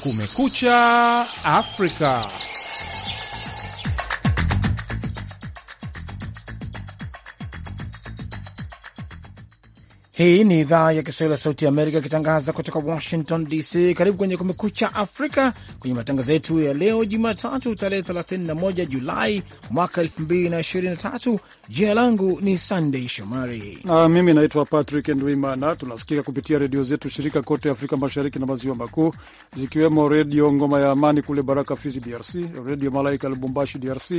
Kumekucha Afrika. Hii ni idhaa ya Kiswahili ya Sauti Amerika ikitangaza kutoka Washington DC. Karibu kwenye Kumekucha Afrika, kwenye matangazo yetu ya leo Jumatatu tarehe 31 Julai mwaka 2023. Jina langu ni Sandei Shomari na mimi naitwa Patrick Ndwimana. Tunasikika kupitia redio zetu shirika kote Afrika Mashariki na Maziwa Makuu, zikiwemo Redio Ngoma ya Amani kule Baraka Fizi DRC, Redio Malaika Lubumbashi DRC,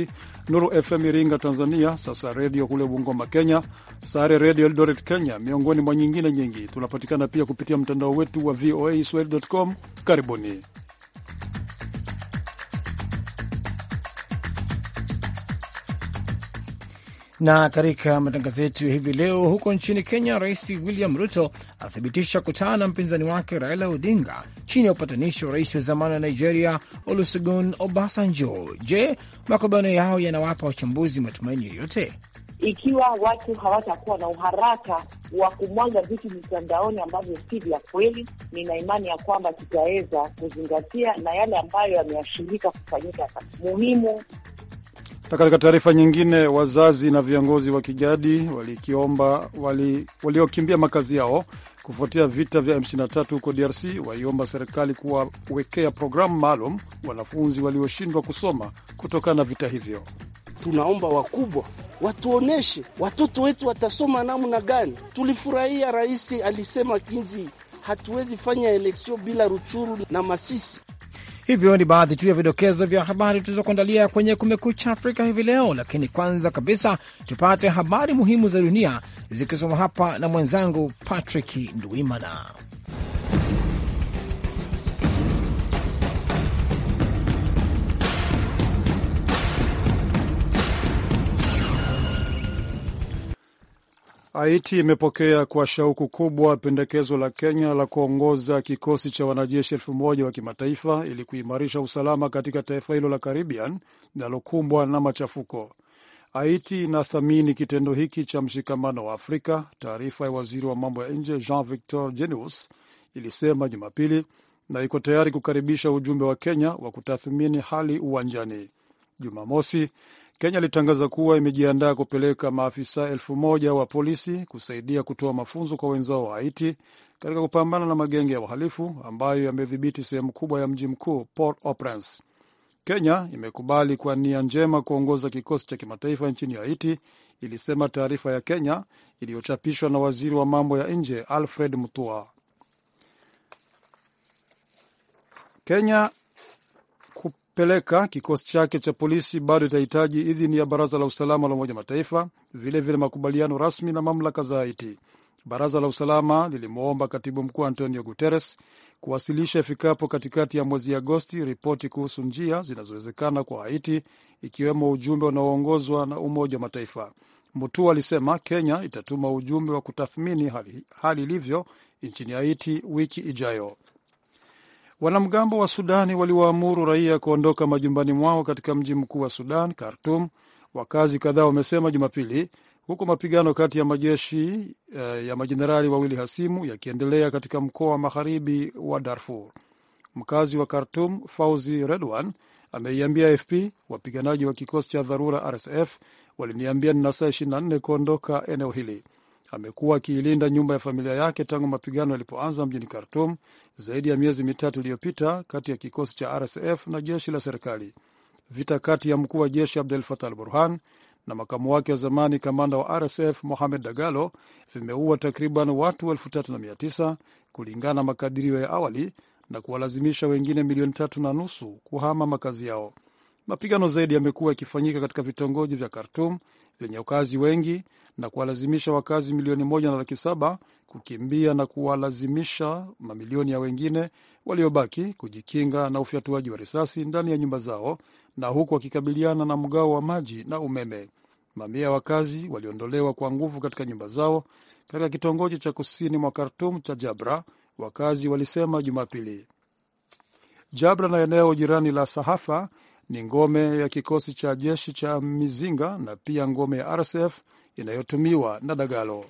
Nuru FM Iringa Tanzania, sasa redio kule Bungoma Kenya, Sare Redio Eldoret Kenya, miongoni mwa kwa nyingine nyingi. Tunapatikana pia kupitia mtandao wetu wa VOA swahili.com. Karibuni. Na katika matangazo yetu hivi leo, huko nchini Kenya, Rais William Ruto athibitisha kutana na mpinzani wake Raila Odinga chini ya upatanishi wa rais wa zamani wa Nigeria Olusegun Obasanjo. Je, makubaliano yao yanawapa wachambuzi matumaini yoyote? ikiwa watu hawatakuwa na uharaka wa kumwaga vitu mitandaoni ambavyo si vya kweli, nina imani ya kwamba tutaweza kuzingatia na yale ambayo yameashirika kufanyika muhimu. Na katika taarifa nyingine, wazazi na viongozi wa kijadi walikiomba wali, waliokimbia makazi yao kufuatia vita vya M23 huko DRC waiomba serikali kuwawekea programu maalum wanafunzi walioshindwa kusoma kutokana na vita hivyo tunaomba wakubwa watuoneshe watoto wetu watasoma namna gani. Tulifurahia rais alisema kinzi, hatuwezi fanya eleksion bila Ruchuru na Masisi. Hivyo ni baadhi tu ya vidokezo vya habari tulizokuandalia kwenye Kumekucha Afrika hivi leo, lakini kwanza kabisa tupate habari muhimu za dunia zikisoma hapa na mwenzangu Patrick Ndwimana. Haiti imepokea kwa shauku kubwa pendekezo la Kenya la kuongoza kikosi cha wanajeshi elfu moja wa kimataifa ili kuimarisha usalama katika taifa hilo la Caribbean linalokumbwa na machafuko. Haiti inathamini kitendo hiki cha mshikamano wa Afrika, taarifa ya waziri wa mambo ya nje Jean Victor Jenius ilisema Jumapili, na iko tayari kukaribisha ujumbe wa Kenya wa kutathmini hali uwanjani. Jumamosi, Kenya ilitangaza kuwa imejiandaa kupeleka maafisa elfu moja wa polisi kusaidia kutoa mafunzo kwa wenzao wa Haiti katika kupambana na magenge ya uhalifu ambayo yamedhibiti sehemu kubwa ya mji mkuu Port-au-Prince. Kenya imekubali kwa nia njema kuongoza kikosi cha kimataifa nchini Haiti, ilisema taarifa ya Kenya iliyochapishwa na waziri wa mambo ya nje Alfred Mutua. Kenya peleka kikosi chake cha polisi bado itahitaji idhini ya Baraza la Usalama la Umoja Mataifa, vilevile makubaliano rasmi na mamlaka za Haiti. Baraza la Usalama lilimwomba katibu mkuu Antonio Guterres kuwasilisha ifikapo katikati ya mwezi Agosti ripoti kuhusu njia zinazowezekana kwa Haiti, ikiwemo ujumbe unaoongozwa na Umoja wa Mataifa. mutu alisema Kenya itatuma ujumbe wa kutathmini hali ilivyo nchini Haiti wiki ijayo. Wanamgambo wa Sudani waliwaamuru raia kuondoka majumbani mwao katika mji mkuu wa Sudan, Khartum, wakazi kadhaa wamesema Jumapili, huku mapigano kati ya majeshi eh, ya majenerali wawili hasimu yakiendelea katika mkoa wa magharibi wa Darfur. Mkazi wa Khartum, Fauzi Redwan, ameiambia AFP, wapiganaji wa kikosi cha dharura RSF waliniambia nina saa 24 kuondoka eneo hili amekuwa akiilinda nyumba ya familia yake tangu mapigano yalipoanza mjini Khartum zaidi ya miezi mitatu iliyopita kati ya kikosi cha RSF na jeshi la serikali. Vita kati ya mkuu wa jeshi Abdel Fatah al Burhan na makamu wake wa zamani kamanda wa RSF Mohamed Dagalo vimeua takriban watu 39 kulingana na makadirio ya awali na kuwalazimisha wengine milioni tatu na nusu kuhama makazi yao. Mapigano zaidi yamekuwa yakifanyika katika vitongoji vya Khartum vyenye wakazi wengi na kuwalazimisha wakazi milioni moja na laki saba kukimbia na kuwalazimisha mamilioni ya wengine waliobaki kujikinga na ufyatuaji wa risasi ndani ya nyumba zao, na huku wakikabiliana na mgao wa maji na umeme. Mamia ya wakazi waliondolewa kwa nguvu katika nyumba zao katika kitongoji cha kusini mwa Khartum cha Jabra, wakazi walisema Jumapili. Jabra na eneo jirani la Sahafa ni ngome ya kikosi cha jeshi cha Mizinga na pia ngome ya RSF inayotumiwa na Dagalo.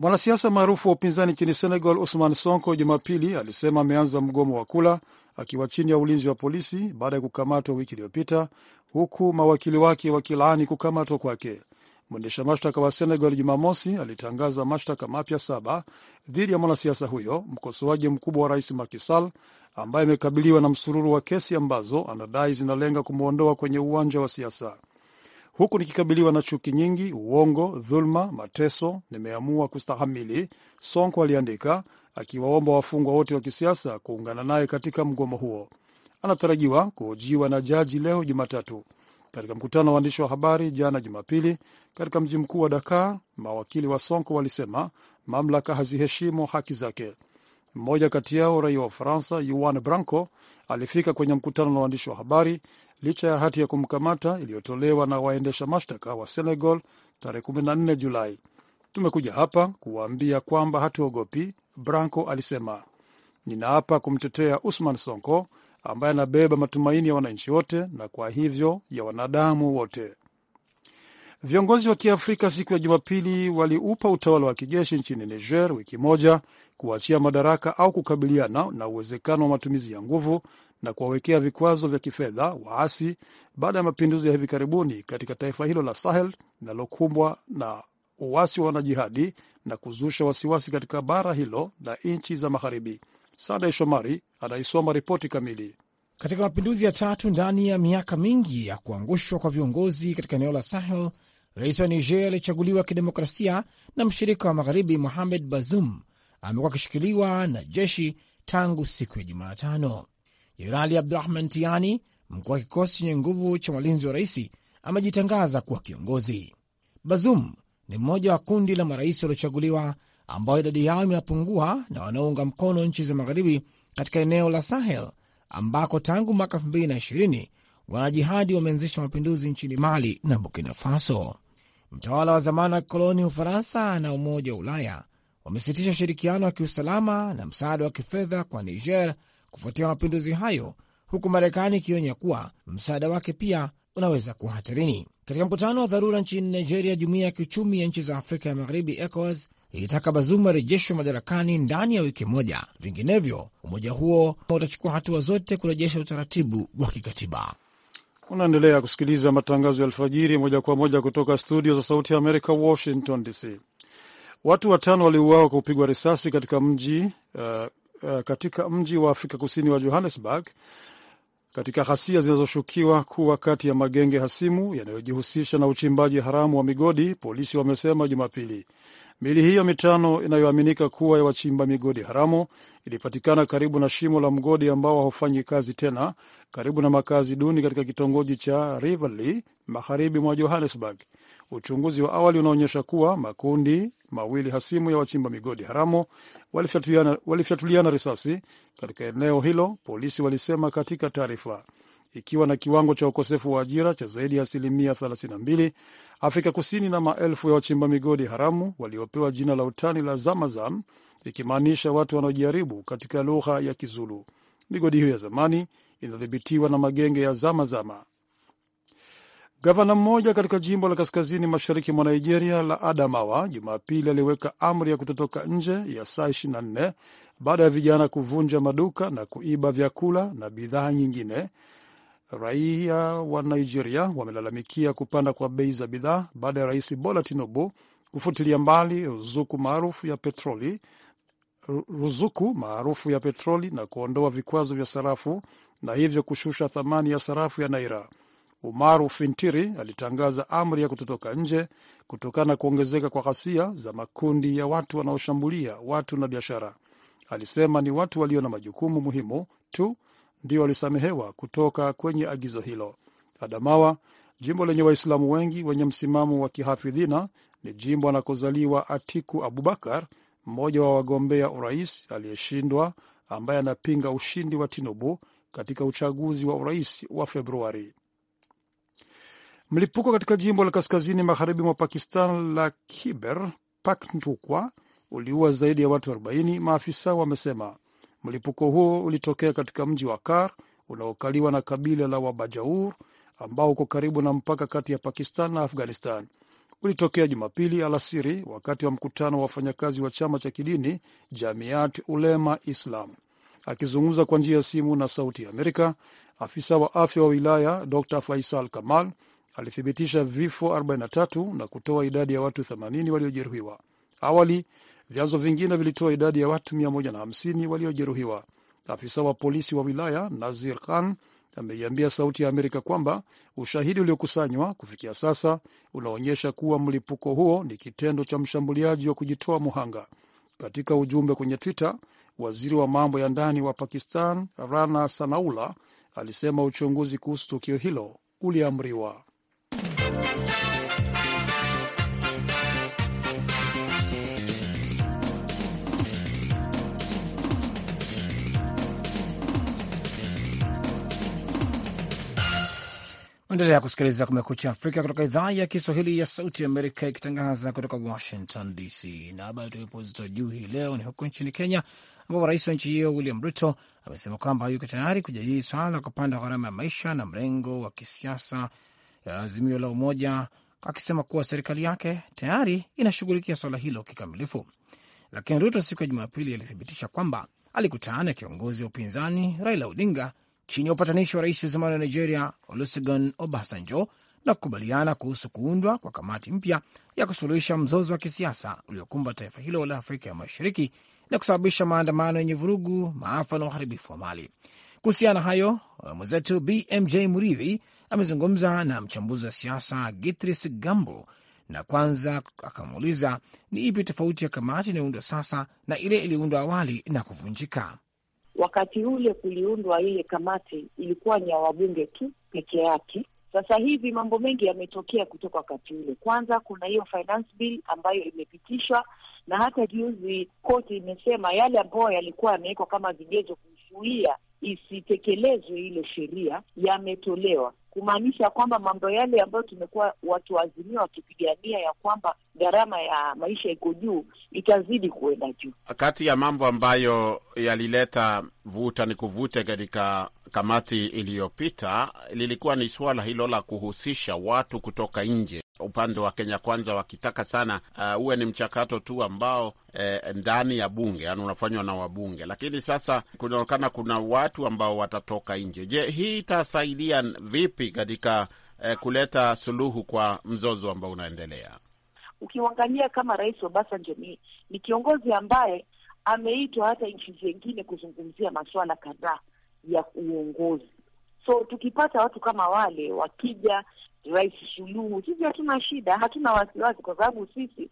Mwanasiasa maarufu wa upinzani nchini Senegal, Usman Sonko, Jumapili alisema ameanza mgomo wa kula akiwa chini ya ulinzi wa polisi baada ya kukamatwa wiki iliyopita, huku mawakili wake wakilaani kukamatwa kwake. Mwendesha mashtaka wa Senegal Jumamosi alitangaza mashtaka mapya saba dhidi ya mwanasiasa huyo, mkosoaji mkubwa wa rais Macky Sall, ambaye amekabiliwa na msururu wa kesi ambazo anadai zinalenga kumwondoa kwenye uwanja wa siasa. Huku nikikabiliwa na chuki nyingi, uongo, dhuluma, mateso, nimeamua kustahamili, Sonko aliandika, akiwaomba wafungwa wote wa kisiasa kuungana naye katika mgomo huo. Anatarajiwa kuhojiwa na jaji leo Jumatatu. Katika mkutano wa waandishi wa habari jana Jumapili katika mji mkuu wa Dakar, mawakili wa Sonko walisema mamlaka haziheshimu haki zake. Mmoja kati yao, raia wa Ufaransa Yuan Branco, alifika kwenye mkutano na waandishi wa habari licha ya hati ya kumkamata iliyotolewa na waendesha mashtaka wa Senegal tarehe 14 Julai. Tumekuja hapa kuwaambia kwamba hatuogopi, Branco alisema. Ninaapa kumtetea Usman Sonko ambaye anabeba matumaini ya wananchi wote na kwa hivyo ya wanadamu wote. Viongozi wa Kiafrika siku ya Jumapili waliupa utawala wa kijeshi nchini Niger wiki moja kuachia madaraka au kukabiliana na uwezekano wa matumizi ya nguvu na kuwawekea vikwazo vya kifedha waasi baada ya mapinduzi ya hivi karibuni katika taifa hilo la Sahel linalokumbwa na uwasi wa wanajihadi na kuzusha wasiwasi katika bara hilo la nchi za magharibi. Sandey Shomari anaisoma ripoti kamili. Katika mapinduzi ya tatu ndani ya miaka mingi ya kuangushwa kwa viongozi katika eneo la Sahel, rais wa Niger alichaguliwa kidemokrasia na mshirika wa magharibi Mohamed Bazoum amekuwa akishikiliwa na jeshi tangu siku ya Jumatano. Jenerali Abdurahman Tiani, mkuu wa kikosi chenye nguvu cha walinzi wa raisi, amejitangaza kuwa kiongozi. Bazum ni mmoja wa kundi la marais waliochaguliwa ambao idadi yao imepungua na wanaounga mkono nchi za magharibi katika eneo la Sahel ambako tangu mwaka 2020 wanajihadi wameanzisha mapinduzi nchini Mali na Burkina Faso. Mtawala wa zamani wa kikoloni Ufaransa na Umoja wa Ulaya wamesitisha ushirikiano wa kiusalama na msaada wa kifedha kwa Niger kufuatia mapinduzi hayo, huku Marekani ikionya kuwa msaada wake pia unaweza kuwa hatarini. Katika mkutano wa dharura nchini Nigeria, jumuiya ya kiuchumi ya nchi za Afrika ya Magharibi, ECOWAS, ilitaka Bazum arejeshwe madarakani ndani ya wiki moja, vinginevyo umoja huo utachukua hatua zote kurejesha utaratibu wa kikatiba. Unaendelea kusikiliza matangazo ya alfajiri moja kwa moja kutoka studio za Sauti ya Amerika, Washington DC. Watu watano waliuawa kwa kupigwa risasi katika mji, uh, uh, katika mji wa Afrika Kusini wa Johannesburg katika ghasia zinazoshukiwa kuwa kati ya magenge hasimu yanayojihusisha na uchimbaji haramu wa migodi, polisi wamesema Jumapili. Mili hiyo mitano inayoaminika kuwa ya wachimba migodi haramu ilipatikana karibu na shimo la mgodi ambao haufanyi kazi tena, karibu na makazi duni katika kitongoji cha Riverlea magharibi mwa Johannesburg. Uchunguzi wa awali unaonyesha kuwa makundi mawili hasimu ya wachimba migodi haramu walifyatuliana, walifyatuliana risasi katika eneo hilo, polisi walisema katika taarifa. Ikiwa na kiwango cha ukosefu wa ajira cha zaidi ya asilimia 32, Afrika Kusini na maelfu ya wachimba migodi haramu waliopewa jina la utani la Zamazam, ikimaanisha watu wanaojaribu katika lugha ya Kizulu. Migodi hiyo ya zamani inadhibitiwa na magenge ya Zamazama. Gavana mmoja katika jimbo la kaskazini mashariki mwa Nigeria la Adamawa Jumapili aliweka amri ya kutotoka nje ya saa 24 baada ya vijana kuvunja maduka na kuiba vyakula na bidhaa nyingine. Raia wa Nigeria wamelalamikia kupanda kwa bei za bidhaa baada ya rais Bola Tinubu kufutilia mbali ruzuku maarufu ya petroli, ruzuku maarufu ya petroli na kuondoa vikwazo vya sarafu na hivyo kushusha thamani ya sarafu ya naira. Umaru Fintiri alitangaza amri ya kutotoka nje kutokana na kuongezeka kwa ghasia za makundi ya watu wanaoshambulia watu na biashara. Alisema ni watu walio na majukumu muhimu tu ndio walisamehewa kutoka kwenye agizo hilo. Adamawa, jimbo lenye Waislamu wengi wenye msimamo wa kihafidhina, ni jimbo anakozaliwa Atiku Abubakar, mmoja wa wagombea urais aliyeshindwa, ambaye anapinga ushindi wa Tinubu katika uchaguzi wa urais wa Februari. Mlipuko katika jimbo la kaskazini magharibi mwa Pakistan la Khyber Pakhtunkhwa uliua zaidi ya watu 40, maafisa wamesema. Mlipuko huo ulitokea katika mji wa Kar unaokaliwa na kabila la Wabajaur ambao uko karibu na mpaka kati ya Pakistan na Afghanistan. Ulitokea Jumapili alasiri wakati wa mkutano wa wafanyakazi wa chama cha kidini Jamiat Ulema Islam. Akizungumza kwa njia ya simu na Sauti ya Amerika, afisa wa afya wa wilaya Dr Faisal Kamal alithibitisha vifo 43 na kutoa idadi ya watu 80 waliojeruhiwa. Awali vyanzo vingine vilitoa idadi ya watu 150 waliojeruhiwa. Afisa wa polisi wa wilaya Nazir Khan ameiambia Sauti ya Amerika kwamba ushahidi uliokusanywa kufikia sasa unaonyesha kuwa mlipuko huo ni kitendo cha mshambuliaji wa kujitoa muhanga. Katika ujumbe kwenye Twitter, waziri wa mambo ya ndani wa Pakistan Rana sanaula alisema uchunguzi kuhusu tukio hilo uliamriwa. Endelea kusikiliza Kumekucha Afrika kutoka idhaa ya Kiswahili ya Sauti ya Amerika ikitangaza kutoka Washington DC. Na habari tulipo uzito juu hii leo ni huko nchini Kenya, ambapo rais wa nchi hiyo William Ruto amesema kwamba yuko tayari kujadili swala la kupanda gharama ya maisha na mrengo wa kisiasa ya Azimio la Umoja, akisema kuwa serikali yake tayari inashughulikia swala hilo kikamilifu. Lakini Ruto siku ya Jumapili alithibitisha kwamba alikutana na kiongozi wa upinzani Raila Odinga chini ya upatanishi wa rais wa zamani wa Nigeria Olusegun Obasanjo na kukubaliana kuhusu kuundwa kwa kamati mpya ya kusuluhisha mzozo wa kisiasa uliokumba taifa hilo la Afrika ya Mashariki na kusababisha maandamano yenye vurugu, maafa na uharibifu wa mali. Kuhusiana hayo, mwenzetu BMJ Muridhi amezungumza na mchambuzi wa siasa Gitris Gambo na kwanza akamuuliza ni ipi tofauti ya kamati inayoundwa sasa na ile iliyoundwa awali na kuvunjika. Wakati ule kuliundwa ile kamati ilikuwa ni ya wabunge tu peke yake. Sasa hivi mambo mengi yametokea kutoka wakati ule. Kwanza kuna hiyo finance bill ambayo imepitishwa, na hata juzi koti imesema yale ambayo yalikuwa yamewekwa kama vigezo kuzuia isitekelezwe ile sheria yametolewa kumaanisha kwamba mambo yale ambayo tumekuwa watu waazimia wakipigania ya kwamba gharama ya maisha iko juu itazidi kuenda juu. Kati ya mambo ambayo yalileta vuta ni kuvute katika kamati iliyopita lilikuwa ni suala hilo la kuhusisha watu kutoka nje. Upande wa Kenya Kwanza wakitaka sana uh, uwe uh, ni mchakato tu ambao eh, ndani ya bunge, yani unafanywa na wabunge, lakini sasa kunaonekana kuna watu ambao watatoka nje. Je, hii itasaidia vipi katika eh, kuleta suluhu kwa mzozo ambao unaendelea? Ukiangalia kama Rais Obasanjo ni, ni kiongozi ambaye ameitwa hata nchi zingine kuzungumzia masuala kadhaa ya uongozi. So tukipata watu kama wale wakija, Rais Suluhu, sisi hatuna shida, hatuna wasiwasi, kwa sababu sisi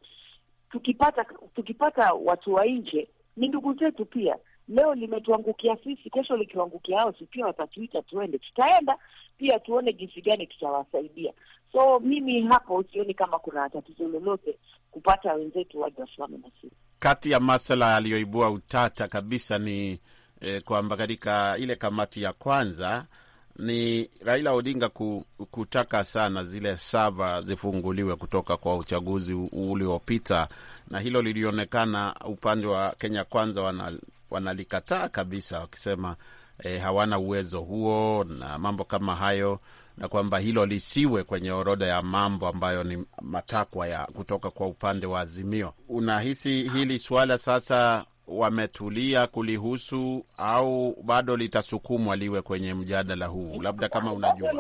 tukipata tukipata watu wa nje ni ndugu zetu pia. Leo limetuangukia sisi, kesho likiwangukia hao, si pia watatuita tuende? Tutaenda pia tuone jinsi gani tutawasaidia. So mimi hapo sioni kama kuna tatizo lolote kupata wenzetu waje wasimame na sisi. Kati ya masala yaliyoibua utata kabisa ni eh, kwamba katika ile kamati ya kwanza ni Raila Odinga kutaka sana zile sava zifunguliwe kutoka kwa uchaguzi uliopita, na hilo lilionekana upande wa Kenya Kwanza wana, wanalikataa kabisa wakisema eh, hawana uwezo huo na mambo kama hayo na kwamba hilo lisiwe kwenye orodha ya mambo ambayo ni matakwa ya kutoka kwa upande wa Azimio. Unahisi hili suala sasa wametulia kulihusu au bado litasukumwa liwe kwenye mjadala huu? Labda kama unajua,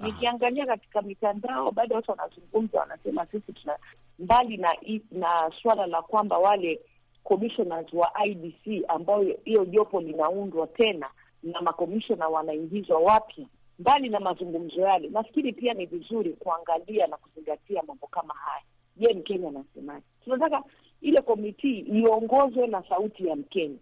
nikiangalia katika mitandao, bado watu wanazungumza, wanasema sisi tuna mbali na na suala la kwamba wale commissioners wa IDC ambao hiyo jopo linaundwa tena na makomishona wanaingizwa wapi, mbali na mazungumzo yale, nafikiri pia ni vizuri kuangalia na kuzingatia mambo kama haya. Je, Mkenya anasemaje? tunataka ile komiti iongozwe na sauti ya Mkenya,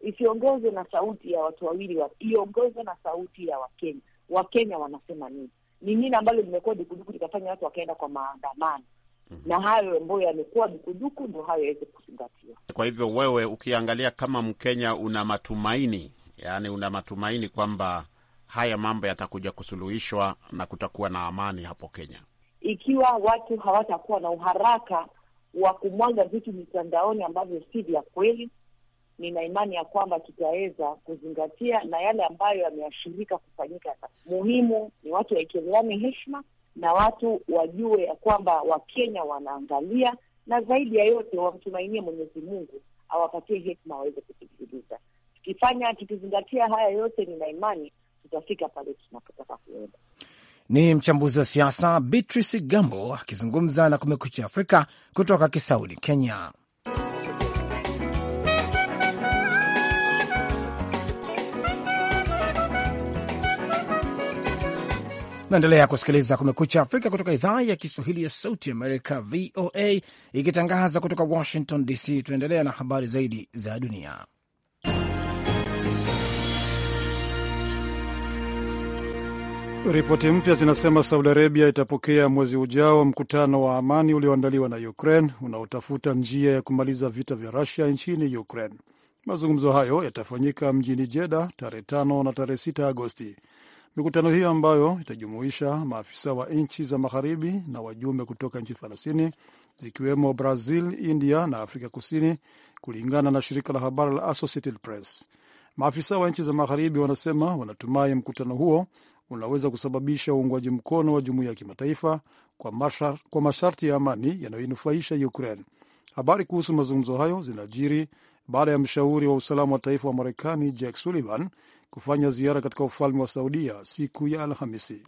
isiongozwe na sauti ya watu wawili, iongozwe na sauti ya Wakenya. Wakenya wanasema nini? Ni nini ambalo limekuwa dukuduku likafanya watu wakaenda kwa maandamano? Mm -hmm. Na hayo ambayo yamekuwa dukuduku ndo hayo yaweze kuzingatiwa. Kwa hivyo wewe, ukiangalia kama Mkenya, una matumaini, yaani una matumaini kwamba haya mambo yatakuja kusuluhishwa na kutakuwa na amani hapo Kenya ikiwa watu hawatakuwa na uharaka wa kumwaga vitu mitandaoni ambavyo si vya kweli. Nina imani ya kwamba tutaweza kuzingatia na yale ambayo yameashirika kufanyika. Muhimu ni watu waekeleane heshima na watu wajue ya kwamba Wakenya wanaangalia, na zaidi ya yote wamtumainie Mwenyezi Mungu awapatie hekima waweze kusikiliza. Tukifanya tukizingatia haya yote, nina imani tutafika pale tunapotaka kuenda. Ni mchambuzi wa siasa Beatrice Gambo akizungumza na Kumekucha Afrika kutoka Kisauni, Kenya. Naendelea kusikiliza Kumekucha Afrika kutoka idhaa ya Kiswahili ya Sauti Amerika, VOA, ikitangaza kutoka Washington DC. Tunaendelea na habari zaidi za dunia. Ripoti mpya zinasema Saudi Arabia itapokea mwezi ujao mkutano wa amani ulioandaliwa na Ukraine unaotafuta njia ya kumaliza vita vya Rusia nchini Ukraine. Mazungumzo hayo yatafanyika mjini Jeda tarehe 5 na tarehe 6 Agosti. Mikutano hiyo ambayo itajumuisha maafisa wa nchi za magharibi na wajumbe kutoka nchi thelathini zikiwemo Brazil, India na Afrika Kusini, kulingana na shirika la habari la Associated Press. Maafisa wa nchi za magharibi wanasema wanatumai mkutano huo unaweza kusababisha uungwaji mkono wa jumuiya ya kimataifa kwa, mashar, kwa masharti ya amani yanayoinufaisha Ukraine. Habari kuhusu mazungumzo hayo zinajiri baada ya mshauri wa usalama wa taifa wa Marekani Jake Sullivan kufanya ziara katika ufalme wa Saudia siku ya Alhamisi.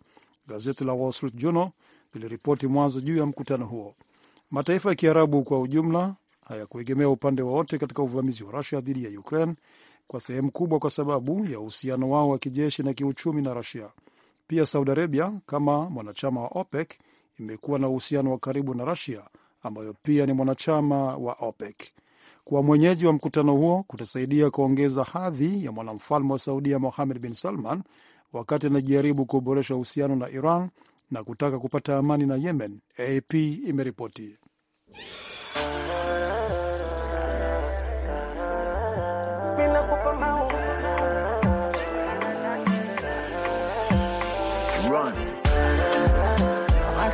Gazeti la Wall Street Journal liliripoti mwanzo juu ya mkutano huo. Mataifa ya Kiarabu kwa ujumla hayakuegemea upande wowote katika uvamizi wa Rusia dhidi ya Ukraine, kwa sehemu kubwa kwa sababu ya uhusiano wao wa kijeshi na kiuchumi na Rusia. Pia Saudi Arabia kama mwanachama wa OPEC imekuwa na uhusiano wa karibu na rasia ambayo pia ni mwanachama wa OPEC. kwa mwenyeji wa mkutano huo kutasaidia kuongeza hadhi ya mwanamfalme wa Saudia Mohamed bin Salman wakati anajaribu kuboresha uhusiano na Iran na kutaka kupata amani na Yemen, AP imeripoti.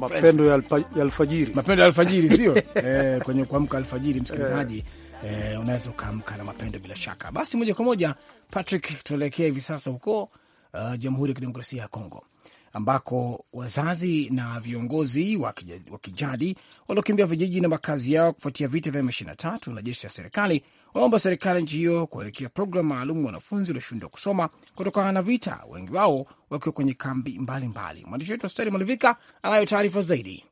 mapendo ya alfajiri, mapendo ya alfajiri sio eh, kwenye kuamka alfajiri, msikilizaji eh, unaweza ukaamka na mapendo bila shaka. Basi moja kwa moja Patrick, tuelekea hivi sasa huko uh, Jamhuri ya Kidemokrasia ya Kongo ambako wazazi na viongozi wa kijadi waliokimbia vijiji na makazi yao kufuatia vita vya M23 na jeshi la serikali waomba serikali nchi hiyo kuwawekea programu maalum wanafunzi walioshindwa kusoma kutokana na vita, wengi wao wakiwa kwenye kambi mbalimbali. Mwandishi wetu Asteri Malivika anayo taarifa zaidi.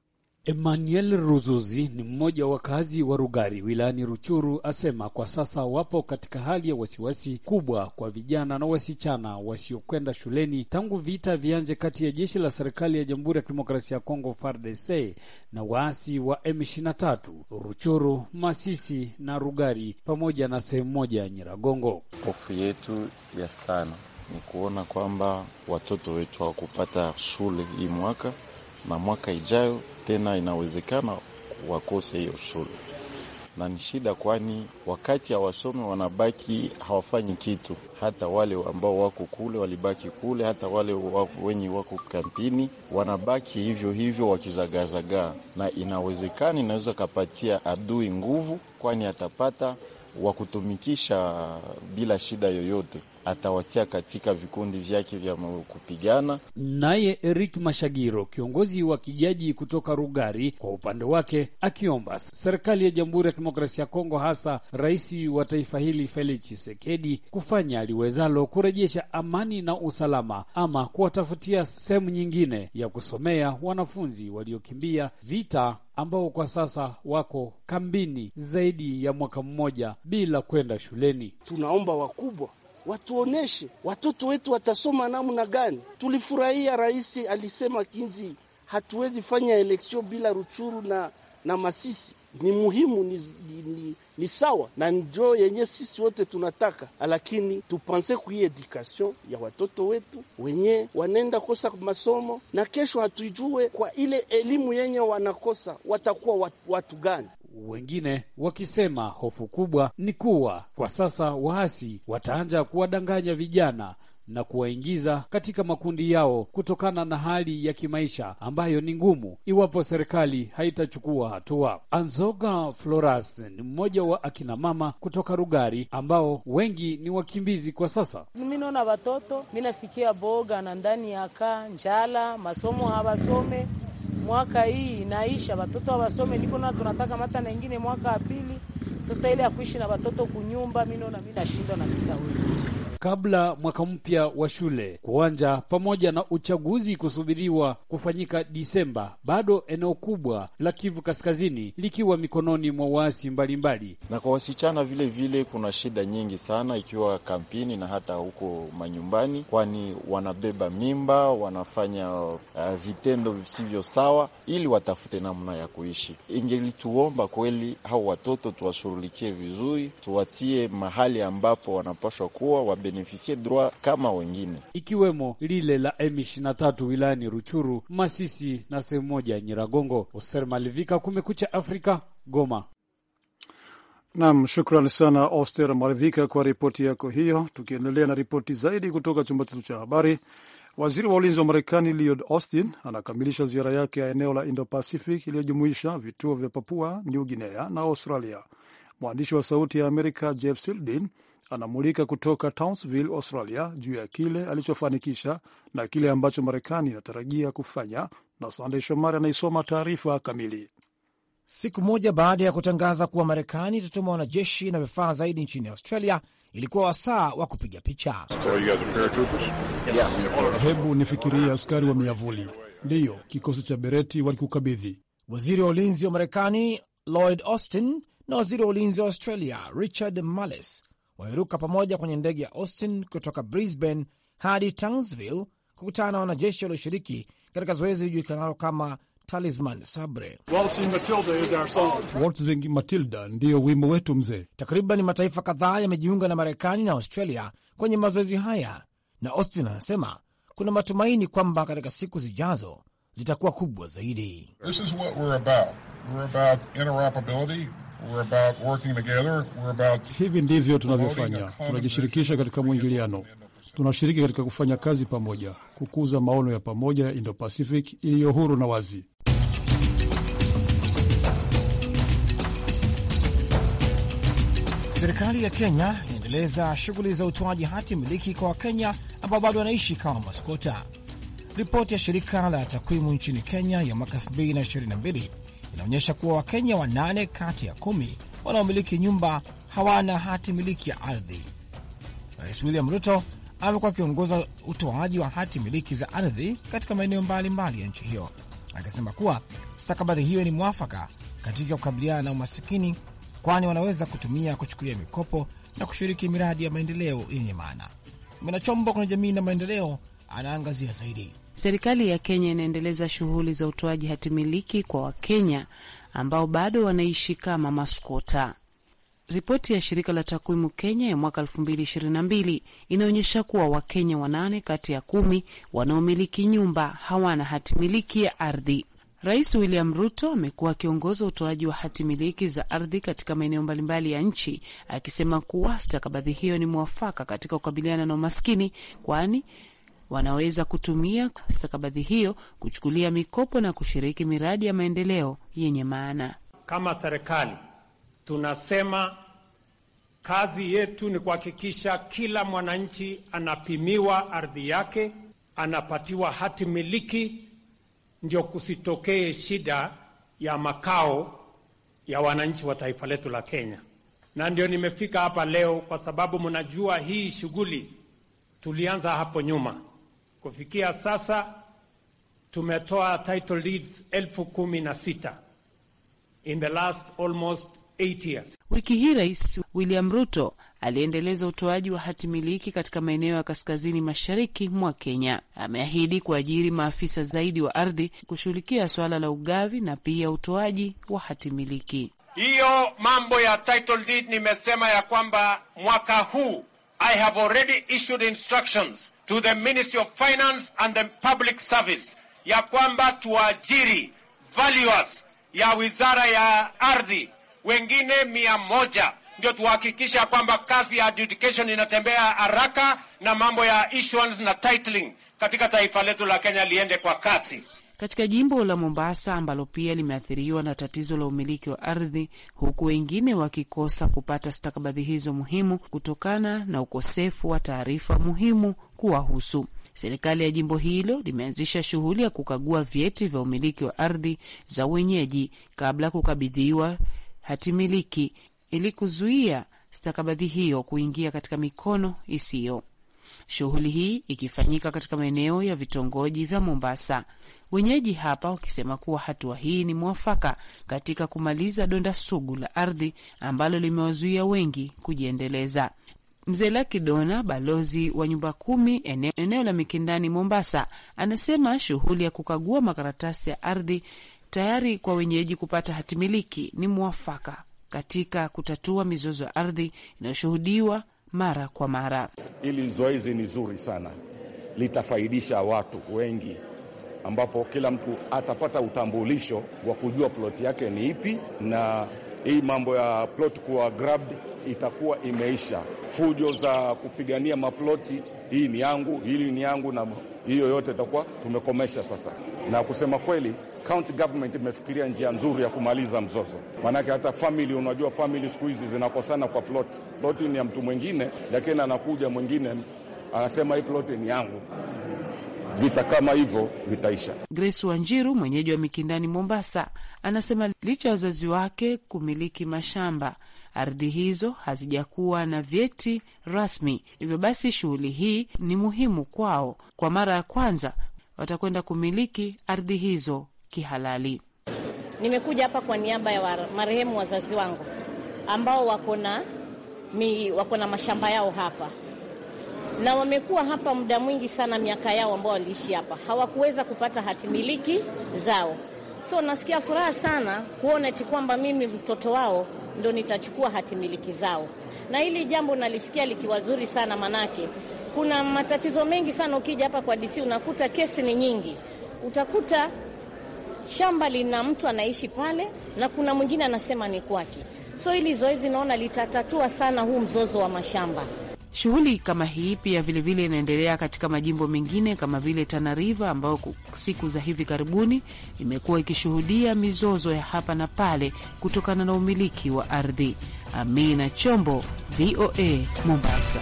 Emmanuel Ruzuzi ni mmoja wa wakazi wa Rugari wilayani Ruchuru, asema kwa sasa wapo katika hali ya wasiwasi kubwa kwa vijana na wasichana wasiokwenda shuleni tangu vita vianje kati ya jeshi la serikali ya Jamhuri ya Kidemokrasia ya Kongo FARDC na waasi wa M23 Ruchuru, Masisi na Rugari pamoja na sehemu moja ya Nyiragongo. Hofu yetu ya sana ni kuona kwamba watoto wetu hawakupata shule hii mwaka na mwaka ijayo tena inawezekana wakose hiyo shule, na ni shida, kwani wakati hawasomi wanabaki hawafanyi kitu. Hata wale ambao wako kule walibaki kule, hata wale wenye wako kampini wanabaki hivyo hivyo wakizagazagaa, na inawezekana inaweza kapatia adui nguvu, kwani atapata wakutumikisha bila shida yoyote atawatia katika vikundi vyake vya kupigana. Naye Eric Mashagiro, kiongozi wa kijaji kutoka Rugari, kwa upande wake akiomba serikali ya Jamhuri ya Kidemokrasia ya Kongo, hasa rais wa taifa hili Felix Tshisekedi, kufanya aliwezalo kurejesha amani na usalama, ama kuwatafutia sehemu nyingine ya kusomea wanafunzi waliokimbia vita ambao kwa sasa wako kambini zaidi ya mwaka mmoja bila kwenda shuleni. Tunaomba wakubwa watuoneshe watoto wetu watasoma namna gani. Tulifurahia rais alisema kinzi, hatuwezi fanya eleksio bila Ruchuru na, na Masisi ni muhimu ni, ni, ni sawa na njo yenye sisi wote tunataka, lakini tupanse kui edukasyon ya watoto wetu wenye wanaenda kosa masomo, na kesho hatujue kwa ile elimu yenye wanakosa watakuwa watu gani wengine wakisema hofu kubwa ni kuwa kwa sasa waasi wataanja kuwadanganya vijana na kuwaingiza katika makundi yao kutokana na hali ya kimaisha ambayo ni ngumu iwapo serikali haitachukua hatua. Anzoga Floras ni mmoja wa akinamama kutoka Rugari ambao wengi ni wakimbizi kwa sasa. Mi naona watoto, mi nasikia boga na ndani ya kaa njala, masomo hawasome mwaka hii inaisha, watoto wasome, niko na tunataka mata na ingine mwaka wa pili sasa ile ya kuishi na watoto kunyumba, mi naona mi nashindwa na sitawezi. Kabla mwaka mpya wa shule kuanja pamoja na uchaguzi kusubiriwa kufanyika Disemba, bado eneo kubwa la Kivu Kaskazini likiwa mikononi mwa waasi mbalimbali, na kwa wasichana vile vile kuna shida nyingi sana, ikiwa kampini na hata huko manyumbani, kwani wanabeba mimba, wanafanya uh, vitendo visivyo sawa ili watafute namna ya kuishi. Ingelituomba kweli hao watoto tuwasuru tuwashughulikie vizuri, tuwatie mahali ambapo wanapaswa kuwa, wabenefisie droit kama wengine, ikiwemo lile la M23 wilayani Ruchuru, Masisi na sehemu moja ya Nyiragongo. Oser Malivika, Kumekucha Afrika, Goma. Nam, shukran sana Oster Malivika kwa ripoti yako hiyo. Tukiendelea na ripoti zaidi kutoka chumba chetu cha habari, waziri wa ulinzi wa Marekani Lloyd Austin anakamilisha ziara yake ya eneo la Indo Pacific iliyojumuisha vituo vya Papua New Guinea na Australia. Mwandishi wa Sauti ya Amerika Jeff Sildin anamulika kutoka Townsville, Australia, juu ya kile alichofanikisha na kile ambacho Marekani inatarajia kufanya, na Sandey Shomari anaisoma taarifa kamili. Siku moja baada ya kutangaza kuwa Marekani itatuma wanajeshi na vifaa zaidi nchini Australia, ilikuwa wasaa wa kupiga picha. Hebu nifikirie, askari wa miavuli, ndiyo kikosi cha bereti walikukabidhi. Waziri wa ulinzi wa Marekani Lloyd Austin na waziri wa ulinzi wa Australia Richard Marles wameruka pamoja kwenye ndege ya Austin kutoka Brisbane hadi Townsville kukutana na wanajeshi walioshiriki katika zoezi lijulikanalo kama Talisman Sabre. Waltzing Matilda ndiyo wimbo wetu mzee. Takriban mataifa kadhaa yamejiunga na Marekani na Australia kwenye mazoezi haya, na Austin anasema kuna matumaini kwamba katika siku zijazo litakuwa kubwa zaidi. This is what we're about. We're about interoperability. Hivi ndivyo tunavyofanya, tunajishirikisha katika mwingiliano, tunashiriki katika kufanya kazi pamoja, kukuza maono ya pamoja ya Indo-Pacific iliyo huru na wazi. Serikali ya Kenya inaendeleza shughuli za utoaji hati miliki kwa Wakenya ambao bado wanaishi kama maskota. Ripoti ya shirika la takwimu nchini Kenya ya mwaka 2022 inaonyesha kuwa Wakenya wanane kati ya kumi wanaomiliki nyumba hawana hati miliki ya ardhi. Rais William Ruto amekuwa akiongoza utoaji wa hati miliki za ardhi katika maeneo mbalimbali ya nchi hiyo, akisema kuwa stakabadhi hiyo ni mwafaka katika kukabiliana na umasikini, kwani wanaweza kutumia kuchukulia mikopo na kushiriki miradi ya maendeleo yenye maana. Mwanachombo kwenye jamii na maendeleo anaangazia zaidi. Serikali ya Kenya inaendeleza shughuli za utoaji hatimiliki kwa Wakenya ambao bado wanaishi kama maskota. Ripoti ya shirika la takwimu Kenya ya mwaka 2022 inaonyesha kuwa Wakenya wanane kati ya kumi wanaomiliki nyumba hawana hatimiliki ya ardhi. Rais William Ruto amekuwa akiongoza utoaji wa hati miliki za ardhi katika maeneo mbalimbali ya nchi, akisema kuwa stakabadhi hiyo ni mwafaka katika kukabiliana na umaskini, kwani wanaweza kutumia stakabadhi hiyo kuchukulia mikopo na kushiriki miradi ya maendeleo yenye maana. Kama serikali tunasema kazi yetu ni kuhakikisha kila mwananchi anapimiwa ardhi yake, anapatiwa hati miliki, ndio kusitokee shida ya makao ya wananchi wa taifa letu la Kenya. Na ndio nimefika hapa leo, kwa sababu mnajua hii shughuli tulianza hapo nyuma Kufikia sasa tumetoa title deeds elfu kumi na sita in the last almost eight years. Wiki hii Rais William Ruto aliendeleza utoaji wa hati miliki katika maeneo ya kaskazini mashariki mwa Kenya. Ameahidi kuajiri maafisa zaidi wa ardhi kushughulikia swala la ugavi na pia utoaji wa hati miliki. Hiyo mambo ya title deed nimesema ya kwamba mwaka huu I have already issued instructions to the Ministry of Finance and the Public Service ya kwamba tuajiri valuers ya wizara ya ardhi wengine mia moja ndio tuhakikisha kwamba kazi ya adjudication inatembea haraka na mambo ya issuance na titling katika taifa letu la Kenya liende kwa kasi katika jimbo la Mombasa ambalo pia limeathiriwa na tatizo la umiliki wa ardhi, huku wengine wakikosa kupata stakabadhi hizo muhimu kutokana na ukosefu wa taarifa muhimu kuwahusu. Serikali ya jimbo hilo limeanzisha shughuli ya kukagua vyeti vya umiliki wa ardhi za wenyeji kabla ya kukabidhiwa hatimiliki ili kuzuia stakabadhi hiyo kuingia katika mikono isiyo. Shughuli hii ikifanyika katika maeneo ya vitongoji vya Mombasa wenyeji hapa wakisema kuwa hatua hii ni mwafaka katika kumaliza donda sugu la ardhi ambalo limewazuia wengi kujiendeleza. Mzee Laki Dona, balozi wa nyumba kumi eneo, eneo la Mikindani, Mombasa, anasema shughuli ya kukagua makaratasi ya ardhi tayari kwa wenyeji kupata hatimiliki ni mwafaka katika kutatua mizozo ya ardhi inayoshuhudiwa mara kwa mara. Hili zoezi ni zuri sana, litafaidisha watu wengi ambapo kila mtu atapata utambulisho wa kujua ploti yake ni ipi, na hii mambo ya ploti kuwa grabbed itakuwa imeisha. Fujo za kupigania maploti, hii ni yangu, hili ni yangu, na hiyo yote itakuwa tumekomesha sasa. Na kusema kweli, county government imefikiria njia nzuri ya kumaliza mzozo, maanake hata famili, unajua famili siku hizi zinakosana kwa ploti. Ploti ni ya mtu mwingine, lakini anakuja mwingine anasema hii ploti ni yangu vita kama hivyo vitaisha. Grace Wanjiru, mwenyeji wa Mikindani, Mombasa, anasema licha ya wazazi wake kumiliki mashamba, ardhi hizo hazijakuwa na vyeti rasmi, hivyo basi shughuli hii ni muhimu kwao. Kwa mara ya kwanza watakwenda kumiliki ardhi hizo kihalali. Nimekuja hapa kwa niaba ya marehemu wazazi wangu ambao wako na wako na mashamba yao hapa na wamekuwa hapa muda mwingi sana, miaka yao ambao waliishi hapa hawakuweza kupata hatimiliki zao. So nasikia furaha sana kuona eti kwamba mimi mtoto wao ndo nitachukua hatimiliki zao, na hili jambo nalisikia likiwa zuri sana, manake kuna matatizo mengi sana. Ukija hapa kwa DC unakuta kesi ni nyingi, utakuta shamba lina mtu anaishi pale na kuna mwingine anasema ni kwake. So hili zoezi naona litatatua sana huu mzozo wa mashamba. Shughuli kama hii pia vilevile inaendelea katika majimbo mengine kama vile Tana River ambayo siku za hivi karibuni imekuwa ikishuhudia mizozo ya hapa na pale kutokana na umiliki wa ardhi. Amina Chombo, VOA Mombasa.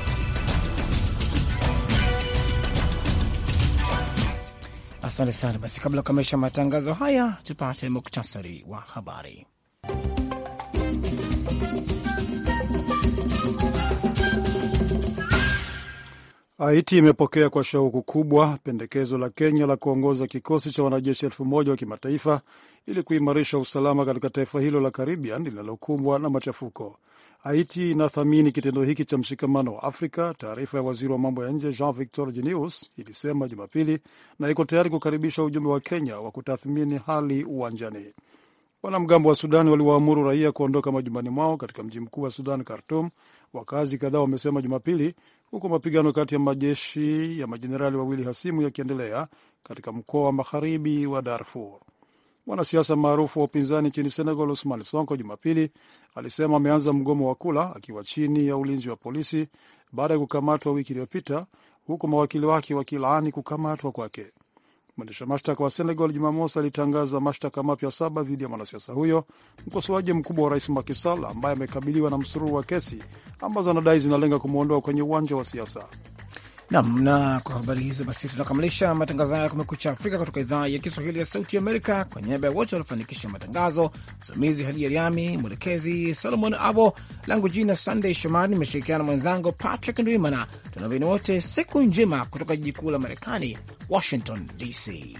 Asante sana. Basi kabla ya kukamilisha matangazo haya, tupate muktasari wa habari. Haiti imepokea kwa shauku kubwa pendekezo la Kenya la kuongoza kikosi cha wanajeshi elfu moja wa kimataifa ili kuimarisha usalama katika taifa hilo la Caribbean linalokumbwa na machafuko. Haiti inathamini kitendo hiki cha mshikamano wa Afrika, taarifa ya waziri wa mambo ya nje Jean Victor Jenius ilisema Jumapili, na iko tayari kukaribisha ujumbe wa Kenya wa kutathmini hali uwanjani. Wanamgambo wa Sudani waliwaamuru raia kuondoka majumbani mwao katika mji mkuu wa Sudan, Khartum, wakazi kadhaa wamesema Jumapili, huku mapigano kati ya majeshi ya majenerali wawili hasimu yakiendelea katika mkoa wa magharibi wa Darfur. Mwanasiasa maarufu wa upinzani nchini Senegal, Ousmane Sonko, Jumapili alisema ameanza mgomo wa kula akiwa chini ya ulinzi wa polisi baada ya kukamatwa wiki iliyopita, huku mawakili wake wakilaani kukamatwa kwake. Mwendesha mashtaka wa Senegal Jumamosi alitangaza mashtaka mapya saba dhidi ya mwanasiasa huyo, mkosoaji mkubwa wa rais makisal ambaye amekabiliwa na msururu wa kesi ambazo anadai zinalenga kumwondoa kwenye uwanja wa siasa nam na kwa habari hizo basi, tunakamilisha matangazo haya ya Kumekucha Afrika kutoka idhaa ya Kiswahili ya Sauti Amerika. Kwa niaba ya wote waliofanikisha matangazo, msimamizi Hadi Yariami, mwelekezi Solomon Abo, langu jina Sandey Shomari, nimeshirikiana na mwenzangu Patrick Ndwimana. Tunaveni wote siku njema kutoka jiji kuu la Marekani, Washington DC.